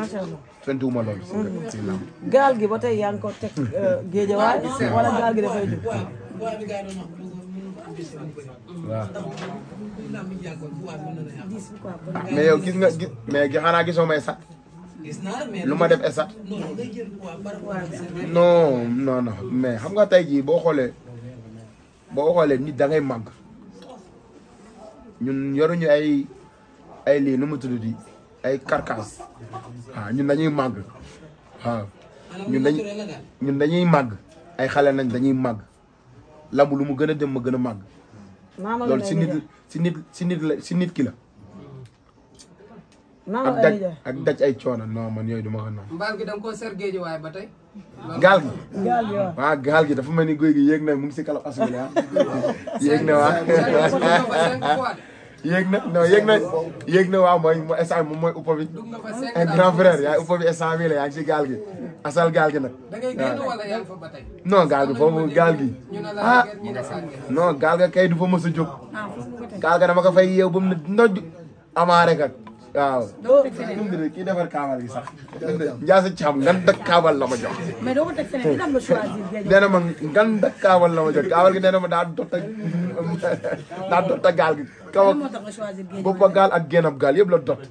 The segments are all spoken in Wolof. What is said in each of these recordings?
macha allah fentuwuma gaal gi ba te yaa ko teg euh, géejawaay wala gaal gi dafay jóg. waaw. mais yow gis nga gis mais xanaa gisoo may lu ma def esat non non non mais xam nga tey jii boo xoolee boo xoolee nit dangay ngay ñun yoruñu ay ay lii nu mu tudd ay karkaas waaw ñun dañuy màgg waaw dañuy ñun màgg ay xale nañ dañuy màgg lamb lu mu gën a dem ma gën a màgg loolu si nit si si nit la si nit ay coono non man yooyu ko naan mbaal gi da nga gaal gi dafa mel ni góy gi yéeg na mu ngi si kalaf asuli ah na waa yéeg na non yéeg mooy mooy instant mooy uppa bi un grand frère yaay uppa bi instant bi la yaa gaal gi asal gaal gi nag non gaal gi foofu gaal gi ah non gaal ga kay du fa a jóg ah, gaal ga dama ko fay yeew ba mu ne ndoj amaare kat waaw kii defar kaabal gi sax. Ndiass Thiam ngan dak la ma jox. teg feneen dina am la choisir. nee na ma ngan dak kaabal la ma jox kaabal gi nee na ma daa dotta daa dotta gaal gi. boppa gaal ak gaal yëpp la dott.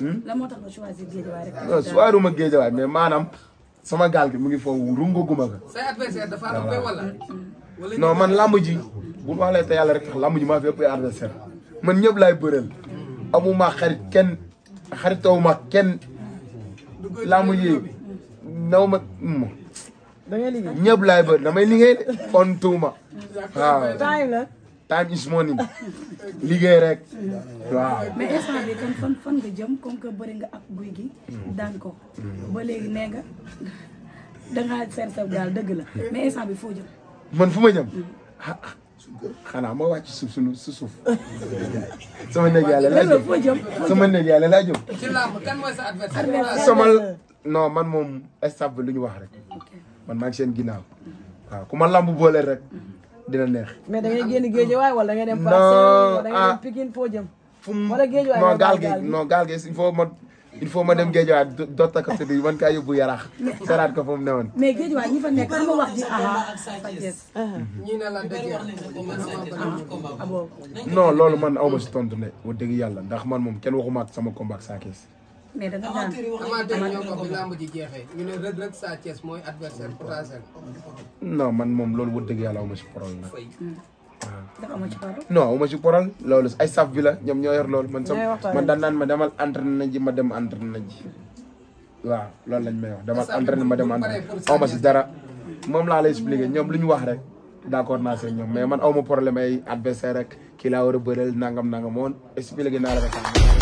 Hmm? lan moo tax nga choisir géejawaay rek. non mais maanaam sama gaal gi mu ngi foofu rungaguma ko. say man làmb ji bu ma waxee te yàlla rek tax ji maa fi ëpp adversaire man ñëpp laay bëreel. amuma xarit kenn xaritawuma kenn laamu yi naw ma mm. ñëpp laay ba damay liggéey de fontuma waaw time is money liggéey rek waaw. mais instant bi fan fan nga jëm comme que bëri nga ak guy gi daan ko mm. ba léegi nee nga dangaa seet sa gaal dëgg la mais instant foo jëm man fu ma jëm mm. xanaa ma wàcc suuf suñu su suuf. so néeg yàlla laa jëm sama néeg yàlla laa jëm. ci làmb kan mooy sa adversaire. sama non man moom staff bi lu ñu wax rek man maa ngi seen ginaaw waaw ku ma bu boole rek dina neex. mais da ngay génn géej waay wala da dem. non ah da ngay dem ah, Pikine foo jëm. fu mu non gaal gi non gaal il faut ma dem géejawaay dotta ko sëñ bi man kaa yóbbu yaraax saraat ko fa mu newoon. mais géejawaay ñi fa nekk dama wax ji mhm. ñi ah loolu man aw si tontu ne wax dëgg yàlla ndax man moom kenn waxuma sama combat ak Sa Thiès. ji jeexee mooy adversaire non man moom loolu wax dëgg yàlla aw ma si problème dafa amoo ci parole. non loolu ay saf bi la ñoom ñoo yor loolu. man sam man daan naan ma demal entraîné na ji ma dem entraîné na ji. waaw loolu lañ may wax demal entraîné ma dem entraîné aw ma si dara moom laa lay expliqué ñoom lu ñu wax rek d' accord naa ñoom mais man aw ma problème ay adversaire rek kii laa war a bëreel nangam nangam woon expliqué naa la ko